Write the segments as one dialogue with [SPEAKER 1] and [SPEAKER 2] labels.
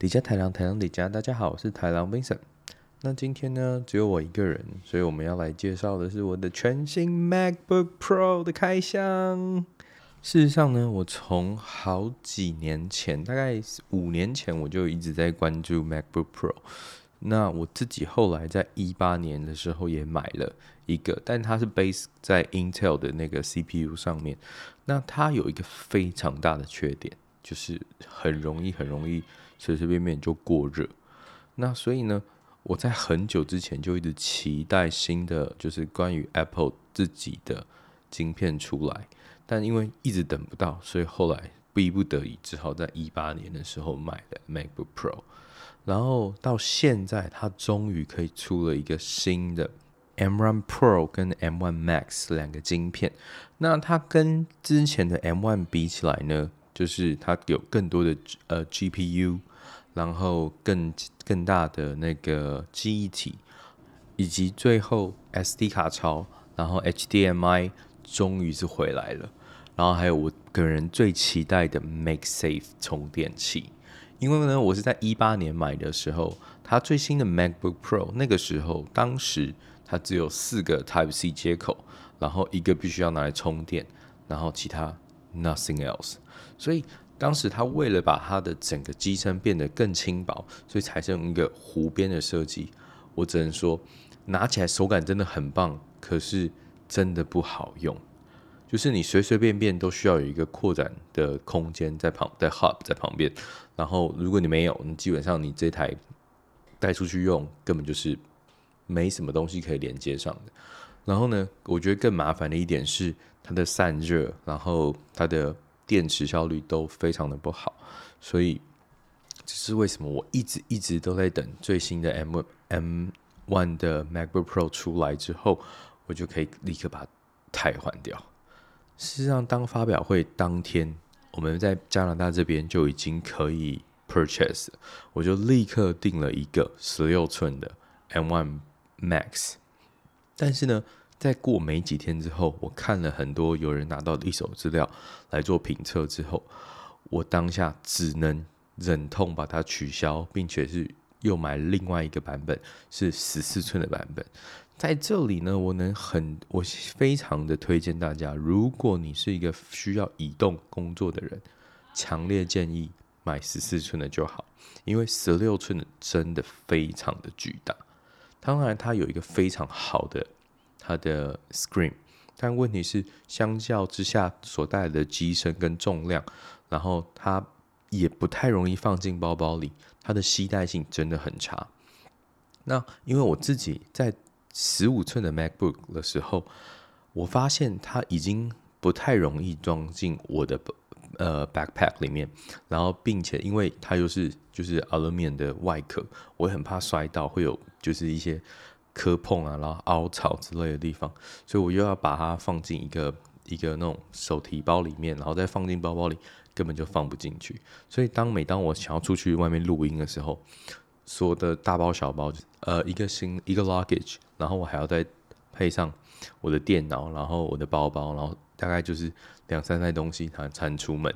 [SPEAKER 1] 李家台郎台郎李家，大家好，我是台郎 Vincent。那今天呢，只有我一個人，所以我們要來介紹的是我的全新 MacBook Pro 的開箱。事實上呢，我從好幾年前，大概五年前，我就一直在關注 MacBook Pro。那我自己後來在一八年的時候也買了一個，但它是 base 在 Intel 的那個 CPU 上面。那它有一個非常大的缺點，就是很容易，很容易。隨隨便便就過熱，那所以呢，我在很久之前就一直期待新的，就是關於 Apple 自己的晶片出來，但因為一直等不到，所以後來逼不得已，只好在一八年的時候買的 MacBook Pro，然後到現在，它終於可以出了一個新的 M1 Pro 跟 M1 Max 兩個晶片，那它跟之前的 M1 比起來呢，就是它有更多的 G, 呃 GPU。然後更更大的那個記憶體，以及最後 SD 卡槽，然後 HDMI 終於是回來了。然後還有我個人最期待的 MagSafe 充電器，因為呢，我是在一八年買的時候，它最新的 MacBook Pro 那個時候，當時它只有四個 Type C 接口，然後一個必須要拿來充電，然後其他 Nothing else，所以。當時他為了把它的整個機身變得更輕薄，所以才是用一個弧邊的設計。我只能說，拿起來手感真的很棒，可是真的不好用。就是你隨隨便便都需要有一個擴展的空間在旁，在 Hub 在旁邊。然後如果你沒有，你基本上你這台帶出去用，根本就是沒什麼東西可以連接上的。然後呢，我覺得更麻煩的一點是它的散熱，然後它的。電池效率都非常的不好，所以這是為什麼我一直一直都在等最新的 M M One 的 MacBook Pro 出來之後，我就可以立刻把它替換掉。事實上，當發表會當天，我們在加拿大這邊就已經可以 purchase，我就立刻訂了一個十六寸的 M One Max，但是呢。在過沒幾天之後，我看了很多有人拿到的一手資料來做評測之後，我當下只能忍痛把它取消，並且是又買另外一個版本，是十四寸的版本。在這裡呢，我能很，我非常的推薦大家，如果你是一個需要移動工作的人，強烈建議買十四寸的就好，因為十六寸的真的非常的巨大。當然，它有一個非常好的。它的 screen，但問題是，相較之下所帶來的機身跟重量，然後它也不太容易放進包包裡，它的攜帶性真的很差。那因為我自己在十五寸的 MacBook 的時候，我發現它已經不太容易裝進我的呃 backpack 裡面，然後並且因為它又是就是 aluminium 的外殼，我很怕摔到會有就是一些。磕碰啊，然後凹槽之類的地方，所以我又要把它放進一個一個那種手提包裡面，然後再放進包包裡，根本就放不進去。所以當每當我想要出去外面錄音的時候，所有的大包小包，呃，一個新一個 luggage，然後我還要再配上我的電腦，然後我的包包，然後大概就是兩三袋東西才才能出門。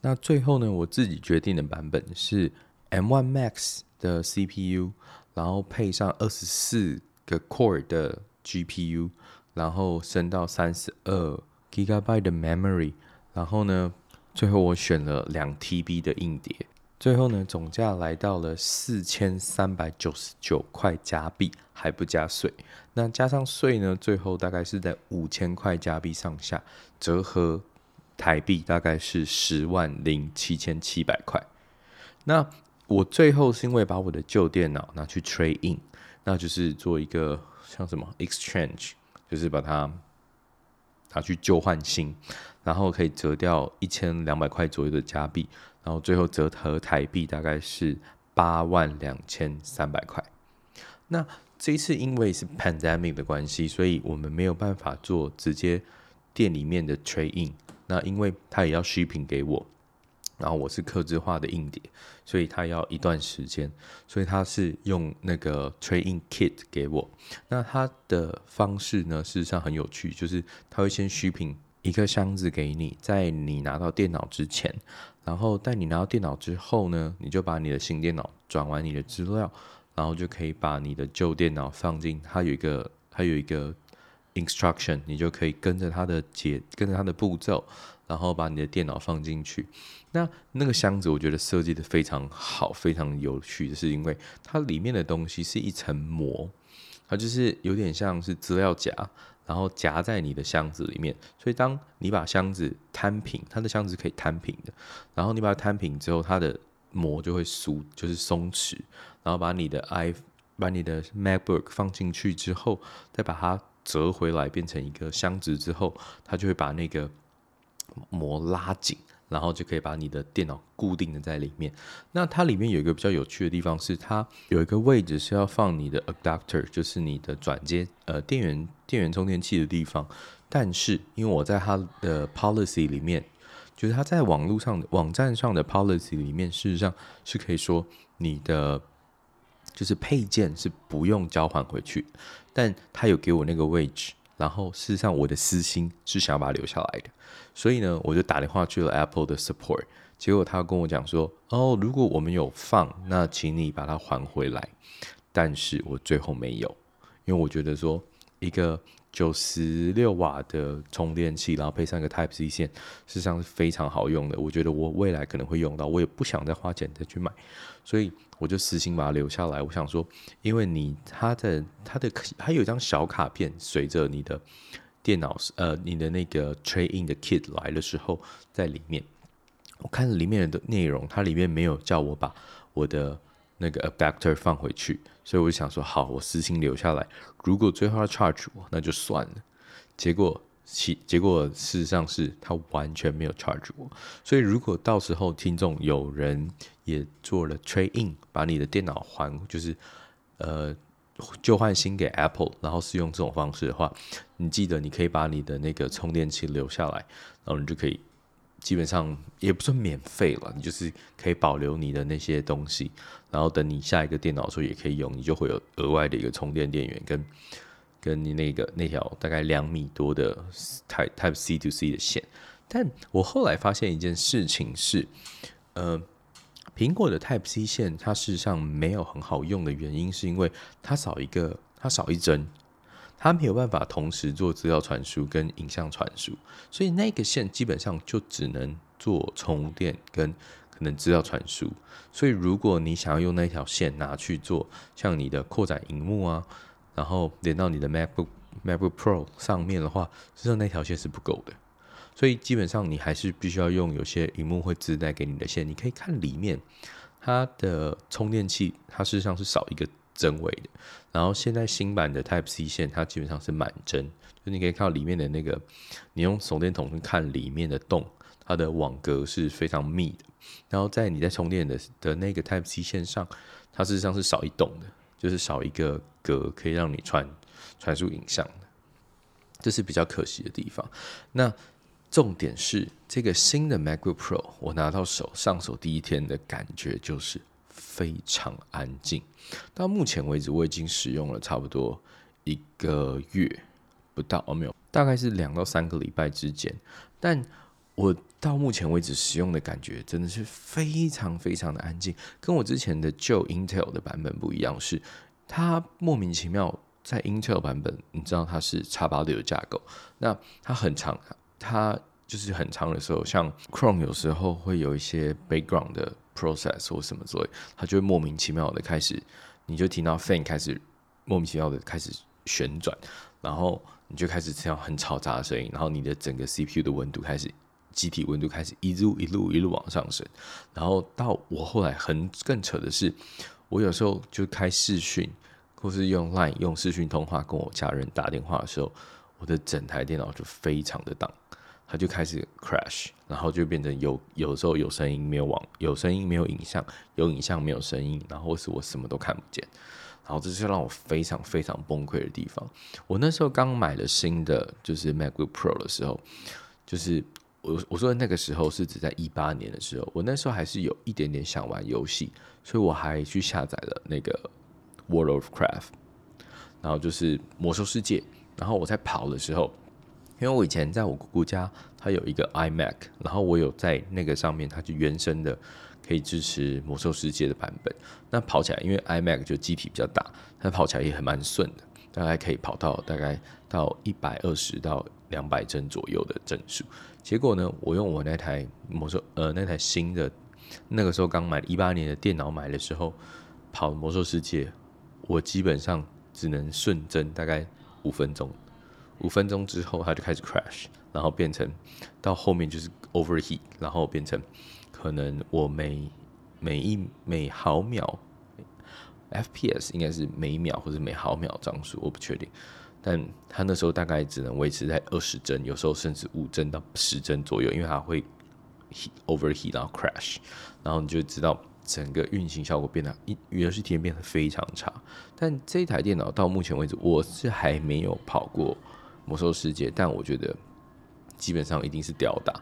[SPEAKER 1] 那最後呢，我自己決定的版本是 M1 Max 的 CPU，然後配上二十四。個 Core 的 GPU，然後升到三十二 Gigabyte 的 Memory，然後呢，最後我選了兩 TB 的硬碟。最後呢，總價來到了四千三百九十九塊加幣，還不加稅。那加上稅呢，最後大概是在五千塊加幣上下，折合台幣大概是十萬零七千七百塊。那我最後是因為把我的舊電腦拿去 Trade In。那就是做一個像什麼 exchange，就是把它拿去舊換新，然後可以折掉一千兩百塊左右的加幣，然後最後折合台幣大概是八萬兩千三百塊。那這一次因為是 pandemic 的關係，所以我們沒有辦法做直接店裡面的 trade in，那因為它也要 shipping 給我。然後我是客製化的硬碟，所以他要一段時間，所以他是用那個 trade in kit 給我。那他的方式呢，事實上很有趣，就是他會先虛品一個箱子給你，在你拿到電腦之前，然後在你拿到電腦之後呢，你就把你的新電腦轉完你的資料，然後就可以把你的舊電腦放進。他有一個，他有一個 instruction，你就可以跟着他的節，跟着他的步驟。然後把你的電腦放進去，那那個箱子我覺得設計得非常好，非常有趣的是，因為它裡面的東西是一層膜，它就是有點像是資料夾，然後夾在你的箱子裡面。所以當你把箱子攤平，它的箱子可以攤平的。然後你把它攤平之後，它的膜就會鬆，就是鬆弛。然後把你的 i，把你的 MacBook 放進去之後，再把它折回來變成一個箱子之後，它就會把那個。膜拉緊，然後就可以把你的電腦固定的在裡面。那它裡面有一個比較有趣的地方是，它有一個位置是要放你的 adapter，就是你的轉接呃電源電源充電器的地方。但是因為我在它的 policy 裡面，就是它在網絡上網站上的 policy 裡面，事實上是可以說你的就是配件是不用交還回去，但它有給我那個位置。然後，事實上，我的私心是想要把它留下來的，所以呢，我就打電話去了 Apple 的 support，結果他跟我講說，哦，如果我們有放，那請你把它還回來，但是我最後沒有，因為我覺得說一個九十六瓦的充電器，然後配上一個 Type C 線，事實上是非常好用的。我覺得我未來可能會用到，我也不想再花錢再去買，所以我就私心把它留下來。我想說，因為你它的它的它有一張小卡片，隨着你的電腦呃你的那個 Trade In 的 Kit 來的時候，在裡面我看裡面的內容，它裡面沒有叫我把我的。那個 adapter 放回去，所以我就想說，好，我私心留下來。如果最後他 charge 我，那就算了。結果其結果事實上是，他完全沒有 charge 我。所以如果到時候聽眾有人也做了 trade in，把你的電腦還，就是呃，舊換新給 Apple，然後是用這種方式的話，你記得你可以把你的那個充電器留下來，然後你就可以。基本上也不算免費了，你就是可以保留你的那些東西，然後等你下一個電腦的時候也可以用，你就會有額外的一個充電電源跟，跟你那個那條大概兩米多的 Type Type C to C 的線。但我後來發現一件事情是，呃，蘋果的 Type C 線它事實上沒有很好用的原因，是因為它少一個，它少一針。它沒有辦法同時做資料傳輸跟影像傳輸，所以那個線基本上就只能做充電跟可能資料傳輸。所以如果你想要用那條線拿去做像你的擴展熒幕啊，然後連到你的 MacBook、MacBook Pro 上面的話，實際上那條線是不夠的。所以基本上你還是必須要用有些熒幕會自帶給你的線。你可以看裡面它的充電器，它事實上是少一個，真偽的，然後現在新版的 Type C 線，它基本上是滿幀，就你可以看到裡面的那個，你用手電筒去看裡面的洞，它的網格是非常密的。然後在你在充電的的那個 Type C 線上，它事實上是少一洞的，就是少一個格可以讓你傳傳輸影像的，這是比較可惜的地方。那重點是這個新的 MacBook Pro，我拿到手上手第一天的感覺就是。非常安靜。到目前為止，我已經使用了差不多一個月不到，哦，沒有，大概是兩到三個禮拜之間。但我到目前為止使用的感覺真的是非常非常的安靜，跟我之前的舊 Intel 的版本不一樣是，是它莫名其妙在 Intel 版本，你知道它是 x86 的架構，那它很長，它就是很長的時候，像 Chrome 有時候會有一些 background 的。process 或什麼之類，它就會莫名其妙的開始，你就聽到 fan 開始莫名其妙的開始旋轉，然後你就開始這樣很嘈雜的聲音，然後你的整個 CPU 的溫度開始機體溫度開始一路一路一路往上升，然後到我後來很更扯的是，我有時候就開視訊或是用 Line 用視訊通話跟我家人打電話的時候，我的整台電腦就非常的當。它就開始 crash，然後就變成有有時候有聲音沒有網，有聲音沒有影像，有影像沒有聲音，然後是我什麼都看不見，然後這就讓我非常非常崩潰的地方。我那時候剛買了新的就是 MacBook Pro 的時候，就是我我說那個時候是指在一八年的時候，我那時候還是有一點點想玩遊戲，所以我還去下載了那個 World of Warcraft，然後就是魔獸世界，然後我在跑的時候。因為我以前在我姑姑家，他有一個 iMac，然後我有在那個上面，它就原生的可以支持魔獸世界的版本。那跑起來，因為 iMac 就機體比較大，它跑起來也很蠻順的，大概可以跑到大概到一百二十到兩百幀左右的幀數。結果呢，我用我那台魔獸呃那台新的，那個時候剛買一八年的電腦買的時候，跑魔獸世界，我基本上只能順幀，大概五分鐘。五分鐘之後，它就開始 crash，然後變成到後面就是 overheat，然後變成可能我每每一每毫秒 FPS 應該是每秒或者每毫秒幀數，我不確定，但它那時候大概只能維持在二十幀，有時候甚至五幀到十幀左右，因為它會 heat, overheat 然後 crash，然後你就知道整個運行效果變得，遊戲體驗變得非常差。但這一台電腦到目前為止，我是還沒有跑過。魔獸世界，但我覺得基本上一定是吊打，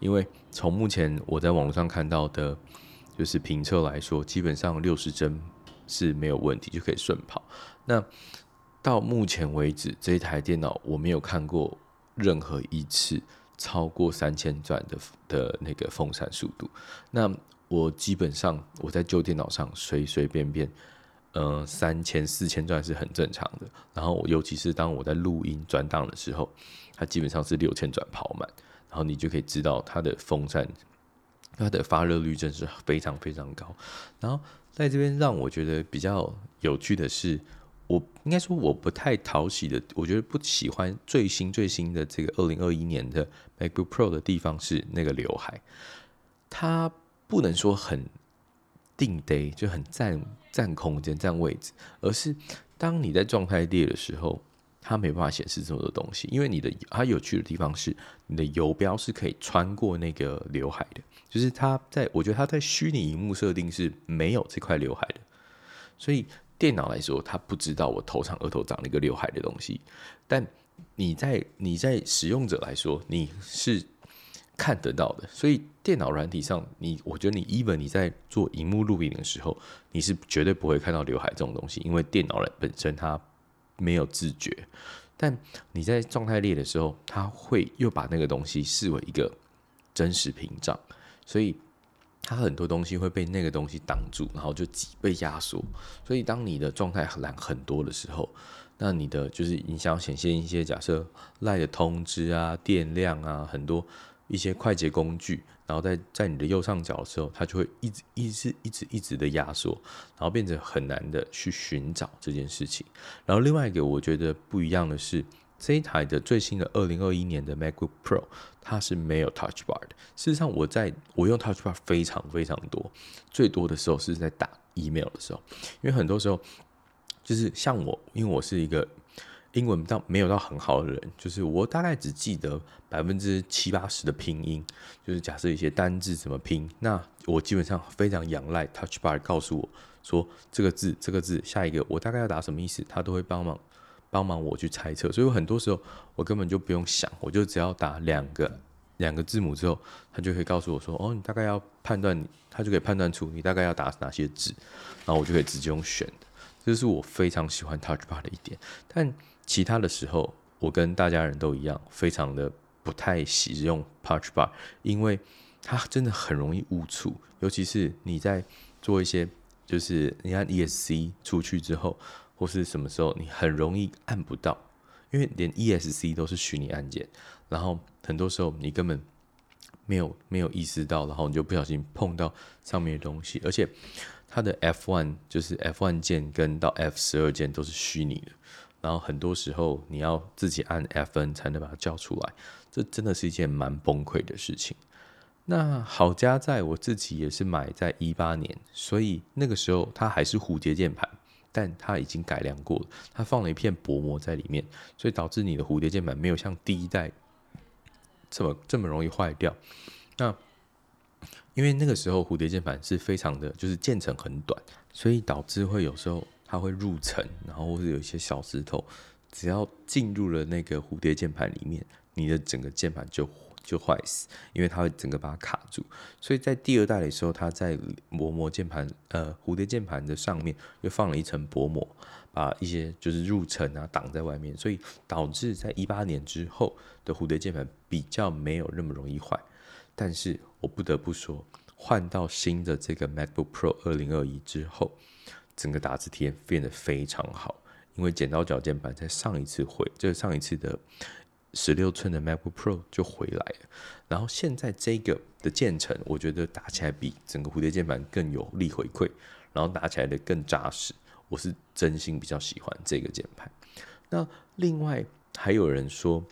[SPEAKER 1] 因為從目前我在網絡上看到的，就是評測來說，基本上六十幀是沒有問題，就可以順跑。那到目前為止，這一台電腦我沒有看過任何一次超過三千轉的的那個風扇速度。那我基本上我在舊電腦上隨隨便便。嗯、呃，三千四千轉是很正常的。然後，尤其是當我在錄音轉檔的時候，它基本上是六千轉跑滿。然後你就可以知道它的風扇、它的發熱率真是非常非常高。然後，在這邊讓我覺得比較有趣的是，我應該說我不太討喜的，我覺得不喜歡最新最新的這個二零二一年的 MacBook Pro 的地方是那個劉海，它不能說很定呆，就很讚。佔空間、占位置，而是當你在狀態列的時候，它沒辦法顯示這麼多東西，因為你的它有趣的地方是，你的游標是可以穿過那個劉海的，就是它在，我覺得它在虛擬熒幕設定是沒有這塊劉海的，所以電腦來說，它不知道我頭上額頭長了一個劉海的東西，但你在、你在使用者來說，你是。看得到的，所以電腦軟體上你，你我覺得你 even 你在做熒幕錄影的時候，你是絕對不會看到劉海這種東西，因為電腦本身它沒有自覺，但你在狀態列的時候，它會又把那個東西視為一個真實屏障，所以它很多東西會被那個東西擋住，然後就被壓縮。所以當你的狀態欄很多的時候，那你的就是你想要顯現一些假設 Line 的通知啊、電量啊很多。一些快捷工具，然後在在你的右上角的時候，它就會一直一直一直一直的壓縮，然後變成很難的去尋找這件事情。然後另外一個我覺得不一樣的是，這一台的最新的二零二一年的 MacBook Pro，它是沒有 Touch Bar 的。事實上，我在我用 Touch Bar 非常非常多，最多的時候是在打 email 的時候，因為很多時候就是像我，因為我是一個。英文到沒有到很好的人，就是我大概只記得百分之七八十的拼音，就是假設一些單字怎麼拼，那我基本上非常仰賴 Touch Bar 告訴我說這個字，這個字，下一個我大概要打什麼意思，他都會幫忙幫忙我去猜測，所以很多時候我根本就不用想，我就只要打兩個兩個字母之後，他就可以告訴我說哦，你大概要判斷，他就可以判斷出你大概要打哪些字，然後我就可以直接用選，這是我非常喜歡 Touch Bar 的一點，但。其他的時候，我跟大家人都一樣，非常的不太喜用 Touch Bar，因為它真的很容易誤觸，尤其是你在做一些就是你按 ESC 出去之後，或是什麼時候，你很容易按不到，因為連 ESC 都是虛擬按鍵，然後很多時候你根本沒有沒有意識到，然後你就不小心碰到上面的東西，而且它的 F1 就是 F 1鍵跟到 F 十二鍵都是虛擬的。然後很多時候你要自己按 Fn 才能把它叫出來，這真的是一件蠻崩潰的事情。那好佳在我自己也是買在一八年，所以那個時候它還是蝴蝶鍵盤，但它已經改良過了，它放了一片薄膜在裡面，所以導致你的蝴蝶鍵盤沒有像第一代這麼這麼容易壞掉。那因為那個時候蝴蝶鍵盤是非常的，就是鍵程很短，所以導致會有時候。它會入塵，然後或者有一些小石頭，只要進入了那個蝴蝶鍵盤裡面，你的整個鍵盤就就壞死，因為它會整個把它卡住。所以在第二代的時候，它在薄膜鍵盤呃蝴蝶鍵盤的上面又放了一層薄膜，把一些就是入塵啊擋在外面，所以導致在一八年之後的蝴蝶鍵盤比較沒有那麼容易壞。但是我不得不說，換到新的這個 MacBook Pro 二零二一之後。整個打字體驗變得非常好，因為剪刀腳鍵盤在上一次回，就是上一次的十六寸的 MacBook Pro 就回來了。然後現在這個的鍵程，我覺得打起來比整個蝴蝶鍵盤更有力回饋，然後打起來的更扎實。我是真心比較喜歡這個鍵盤。那另外還有人說，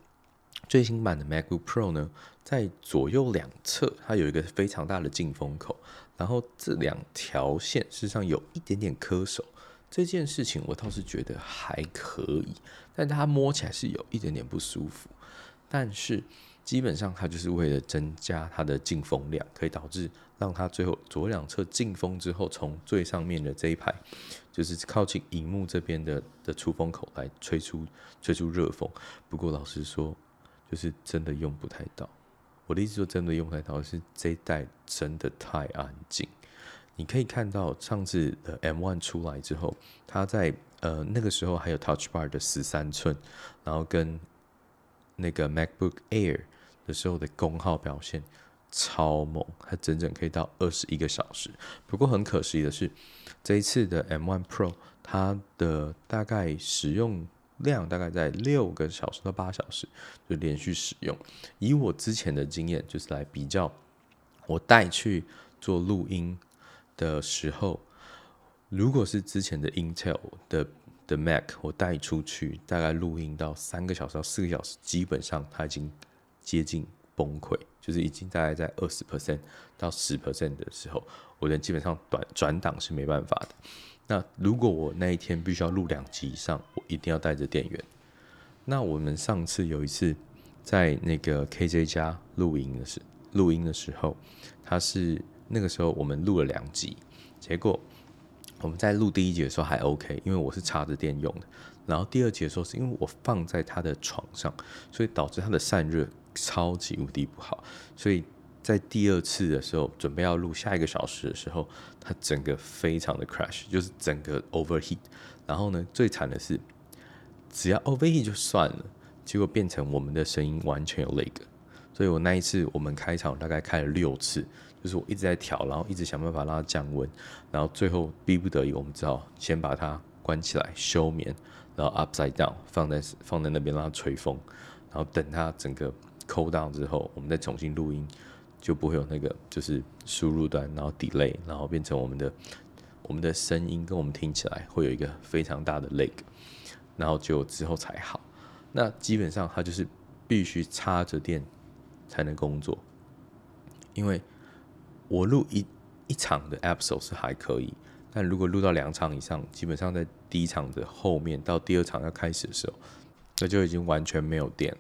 [SPEAKER 1] 最新版的 MacBook Pro 呢，在左右兩側它有一個非常大的進風口。然後這兩條線事實上有一點點磕手，這件事情我倒是覺得還可以，但它摸起來是有一點點不舒服。但是基本上它就是為了增加它的進風量，可以導致讓它最後左兩側進風之後，從最上面的這一排，就是靠近熒幕這邊的的出風口來吹出吹出熱風。不過老實說，就是真的用不太到。我的意思就，真的用不太到是這一代真的太安靜。你可以看到上次的 M1 出來之後，它在呃那個時候還有 Touch Bar 的十三寸，然後跟那個 MacBook Air 的時候的功耗表現超猛，它整整可以到二十一個小時。不過很可惜的是，這一次的 M1 Pro 它的大概使用。量大概在六個小時到八小時，就連續使用。以我之前的經驗，就是來比較，我帶去做錄音的時候，如果是之前的 Intel 的的 Mac，我帶出去大概錄音到三個小時到四個小時，基本上它已經接近崩潰，就是已經大概在二十 percent 到十 percent 的時候，我連基本上轉轉檔是沒辦法的。那如果我那一天必須要錄兩集以上，我一定要帶着電源。那我們上次有一次在那個 KJ 家錄音的時，錄音的時候，他是那個時候我們錄了兩集，結果我們在錄第一集的時候還 OK，因為我是插着電用的。然後第二集的時候，是因為我放在他的床上，所以導致他的散熱超級無敵不好，所以。在第二次的時候，準備要錄下一個小時的時候，它整個非常的 crash，就是整個 overheat。然後呢，最慘的是，只要 overheat 就算了，結果變成我們的聲音完全有 lag。所以我那一次我們開場大概開了六次，就是我一直在調，然後一直想辦法讓它降溫，然後最後逼不得已，我們只好先把它關起來休眠，然後 upside down 放在放在那邊讓它吹風，然後等它整個 cold down 之後，我們再重新錄音。就不會有那個，就是輸入端，然後 delay，然後變成我們的我們的聲音跟我們聽起來會有一個非常大的 lag，然後就之後才好。那基本上它就是必須插着電才能工作，因為我錄一一場的 episode 是還可以，但如果錄到兩場以上，基本上在第一場的後面到第二場要開始的時候，那就已經完全沒有電了，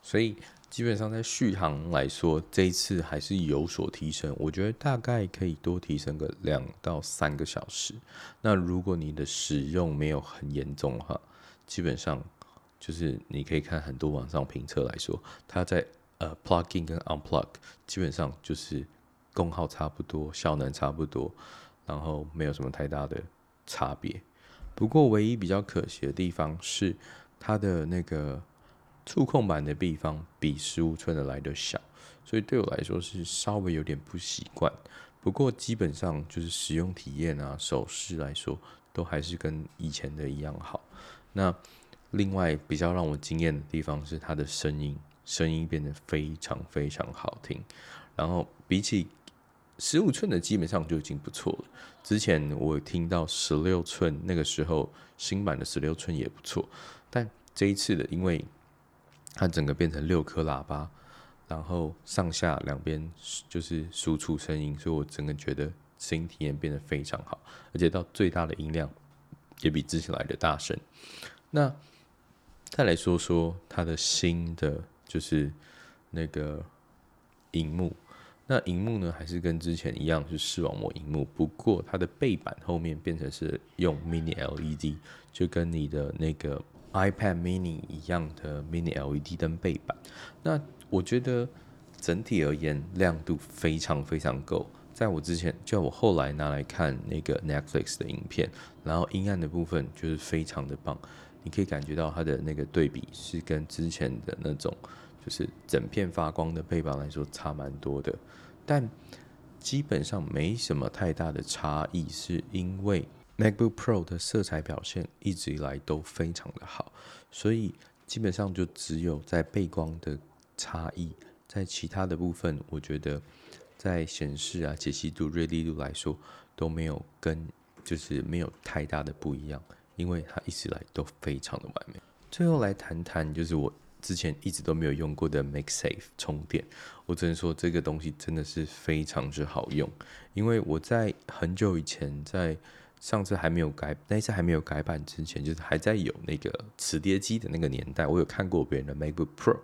[SPEAKER 1] 所以。基本上在續航來說，這一次還是有所提升。我覺得大概可以多提升個兩到三個小時。那如果你的使用沒有很嚴重的話，基本上就是你可以看很多網上評測來說，它在呃 plugging 跟 unplug 基本上就是功耗差不多，效能差不多，然後沒有什麼太大的差別。不過唯一比較可惜的地方是它的那個。觸控板的地方比十五寸的來得小，所以對我來說是稍微有點不習慣。不過基本上就是使用體驗啊、手勢來說，都還是跟以前的一樣好。那另外比較讓我驚艷的地方是它的聲音，聲音變得非常非常好聽。然後比起十五寸的，基本上就已經不錯了。之前我聽到十六寸，那個時候新版的十六寸也不錯，但這一次的因為它整個變成六顆喇叭，然後上下兩邊就是輸出聲音，所以我整個覺得聲音體驗變得非常好，而且到最大的音量也比之前來的大聲。那再來說說它的新的就是那個熒幕，那熒幕呢還是跟之前一樣，就是視網膜熒幕，不過它的背板後面變成是用 mini LED，就跟你的那個。iPad mini 一樣的 Mini LED 燈背板，那我覺得整體而言亮度非常非常夠。在我之前，就我後來拿來看那個 Netflix 的影片，然後陰暗的部分就是非常的棒，你可以感覺到它的那個對比是跟之前的那種就是整片發光的背板來說差蠻多的，但基本上沒什麼太大的差異，是因為。MacBook Pro 的色彩表現一直以來都非常的好，所以基本上就只有在背光的差異，在其他的部分，我覺得在顯示啊、解析度、銳利度來說都沒有跟就是沒有太大的不一樣，因為它一直以來都非常的完美。最後來談談，就是我之前一直都沒有用過的 MagSafe 充電，我只能說這個東西真的是非常之好用，因為我在很久以前在上次還沒有改，那一次還沒有改版之前，就是還在有那個磁碟機的那個年代，我有看過別人的 MacBook Pro，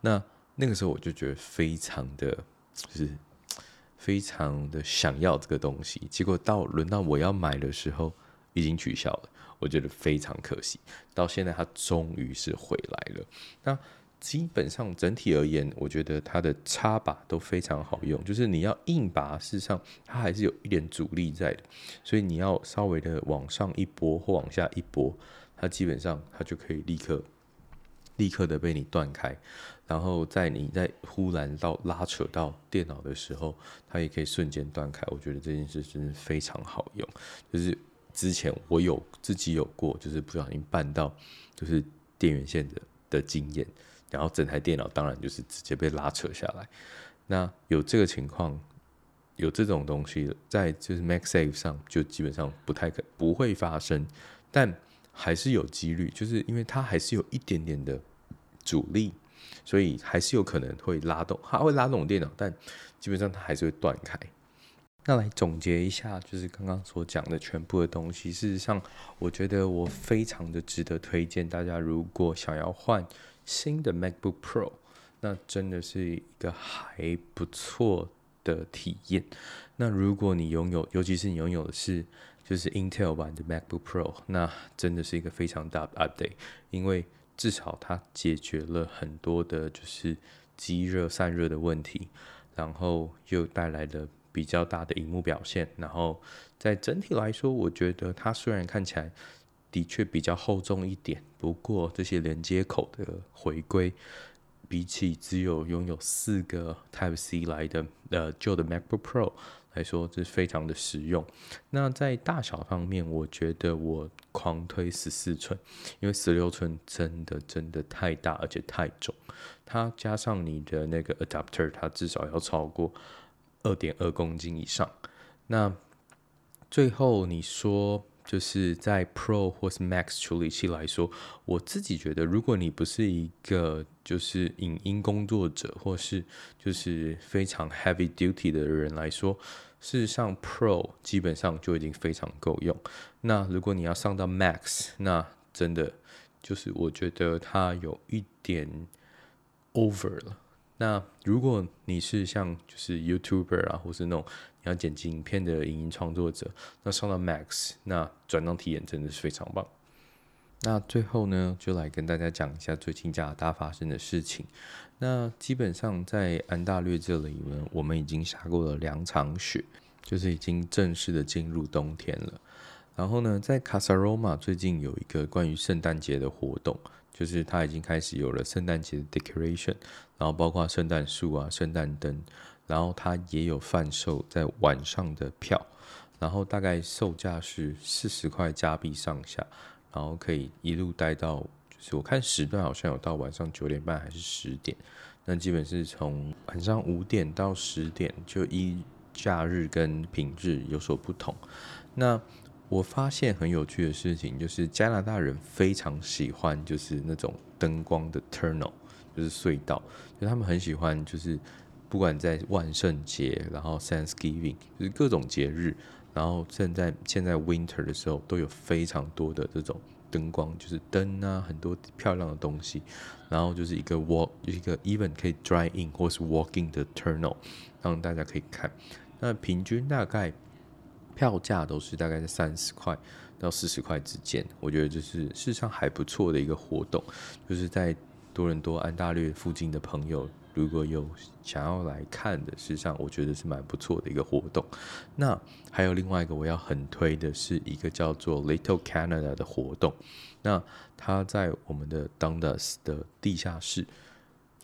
[SPEAKER 1] 那那個時候我就覺得非常的就是非常的想要這個東西，結果到輪到我要買的時候已經取消了，我覺得非常可惜。到現在它終於是回來了，那。基本上整體而言，我覺得它的插拔都非常好用。就是你要硬拔，事實上它還是有一點阻力在的，所以你要稍微的往上一撥或往下一撥，它基本上它就可以立刻立刻的被你斷開。然後在你在忽然到拉扯到電腦的時候，它也可以瞬間斷開。我覺得這件事真的非常好用。就是之前我有自己有過，就是不小心絆到就是電源線的的經驗。然後整台電腦當然就是直接被拉扯下來。那有這個情況，有這種東西在，就是 MagSafe 上就基本上不太可,不會發生，但還是有幾率，就是因為它還是有一點點的阻力，所以還是有可能會拉動，它會拉動電腦，但基本上它還是會斷開。那來總結一下，就是剛剛所講的全部的東西。事實上，我覺得我非常的值得推薦大家，如果想要換。新的 MacBook Pro，那真的是一個還不錯的體驗。那如果你擁有，尤其是你擁有的是就是 Intel 版的 MacBook Pro，那真的是一個非常大的 update，因為至少它解決了很多的就是積熱散熱的問題，然後又帶來了比較大的熒幕表現。然後在整體來說，我覺得它雖然看起來，的確比較厚重一點，不過這些連接口的回歸，比起只有擁有四個 Type C 來的呃舊的 MacBook Pro 來說，這是非常的實用。那在大小方面，我覺得我狂推十四寸，因為十六寸真的真的太大，而且太重。它加上你的那個 adapter，它至少要超過二點二公斤以上。那最後你說。就是在 Pro 或是 Max 處理器來說，我自己覺得，如果你不是一個就是影音工作者，或是就是非常 heavy duty 的人來說，事實上 Pro 基本上就已經非常夠用。那如果你要上到 Max，那真的就是我覺得它有一點 over 了。那如果你是像就是 YouTuber 啊，或是那種。要剪輯影片的影音創作者，那上到 Max，那轉檔體驗真的是非常棒。那最後呢，就來跟大家講一下最近加拿大發生的事情。那基本上在安大略這裡呢，我們已經下過了兩場雪，就是已經正式的進入冬天了。然後呢，在卡薩羅馬最近有一個關於聖誕節的活動，就是它已經開始有了聖誕節的 decoration，然後包括聖誕樹啊、聖誕燈。然後它也有販售在晚上的票，然後大概售價是四十塊加幣上下，然後可以一路待到就是我看時段好像有到晚上九點半還是十點，那基本是從晚上五點到十點，就一假日跟平日有所不同。那我發現很有趣的事情就是加拿大人非常喜歡就是那種燈光的 tunnel，就是隧道，就他們很喜歡就是。不管在萬聖節，然後 Thanksgiving，就是各種節日，然後現在現在 Winter 的時候，都有非常多的這種燈光，就是燈啊，很多漂亮的東西，然後就是一個 walk，一個 even 可以 drive in 或是 walking the tunnel，讓大家可以看。那平均大概票價都是大概在三十塊到四十塊之間，我覺得就是事實上還不錯的一個活動，就是在多倫多安大略附近的朋友。如果有想要來看的，實際上我覺得是蠻不錯的一個活動。那還有另外一個我要很推的是一個叫做 Little Canada 的活動。那它在我們的 Dundas 的地下室，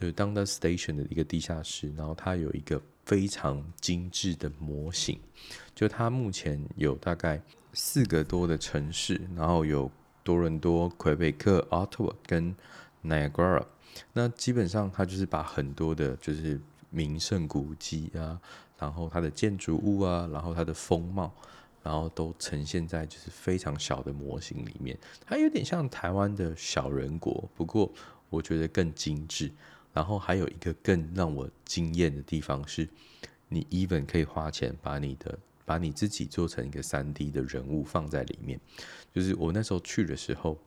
[SPEAKER 1] 就是 Dundas Station 的一個地下室，然後它有一個非常精緻的模型。就它目前有大概四個多的城市，然後有多倫多、魁北克、Ottawa 跟 Niagara。那基本上，它就是把很多的，就是名勝古蹟啊，然後它的建築物啊，然後它的風貌，然後都呈現在就是非常小的模型裡面，它有點像台灣的小人國，不過我覺得更精緻。然後還有一個更讓我驚艷的地方是，你 even 可以花錢把你的把你自己做成一個 3D 的人物放在裡面，就是我那時候去的時候。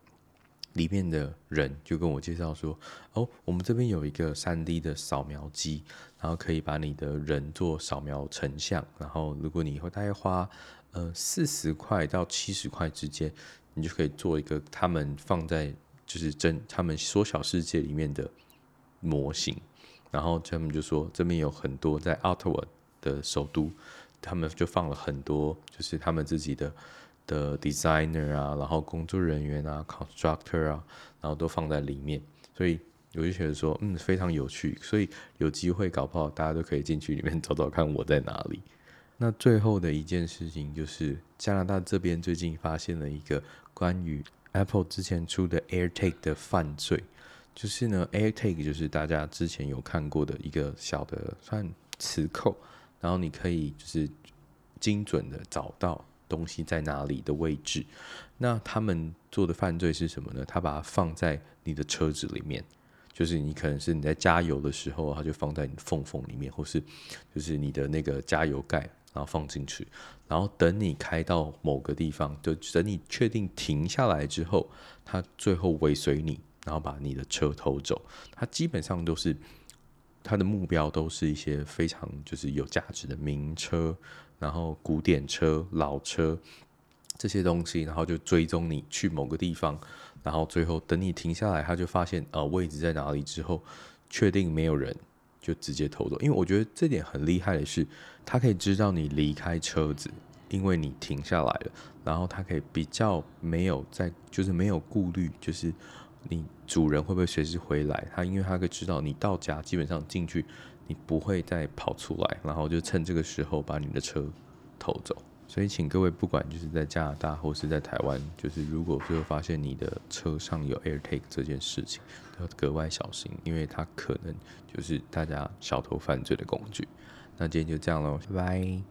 [SPEAKER 1] 裡面的人就跟我介紹說：“哦，我們這邊有一個三 D 的掃描機，然後可以把你的人做掃描成像，然後如果你以後大概花呃四十塊到七十塊之間，你就可以做一個他們放在就是真他們縮小世界裡面的模型。”然後他們就說：“這邊有很多在奧特 d 的首都。”他們就放了很多，就是他們自己的的 designer 啊，然後工作人員啊，constructor 啊，然後都放在裡面，所以我就覺得說，嗯，非常有趣。所以有機會搞不好大家都可以進去裡面找找看我在哪裡。那最後的一件事情就是加拿大這邊最近發現了一個關於 Apple 之前出的 AirTag 的犯罪，就是呢，AirTag 就是大家之前有看過的一個小的算磁扣。然後你可以就是精準的找到東西在哪裡的位置。那他們做的犯罪是什麼呢？他把它放在你的車子裡面，就是你可能是你在加油的時候，他就放在你縫縫裡面，或是就是你的那個加油蓋，然後放進去。然後等你開到某個地方，就等你確定停下來之後，他最後尾隨你，然後把你的車偷走。他基本上都是。他的目標都是一些非常就是有價值的名車，然後古典車、老車這些東西，然後就追蹤你去某個地方，然後最後等你停下來，他就發現呃位置在哪裡之後，確定沒有人，就直接偷走。因為我覺得這點很厲害的是，他可以知道你離開車子，因為你停下來了，然後他可以比較沒有在就是沒有顧慮，就是你。主人會不會隨時回來？他因為他可以知道你到家，基本上進去，你不會再跑出來，然後就趁這個時候把你的車偷走。所以，請各位不管就是在加拿大或是在台灣，就是如果最後發現你的車上有 AirTag 這件事情，要格外小心，因為它可能就是大家小偷犯罪的工具。那今天就這樣嘍，拜拜。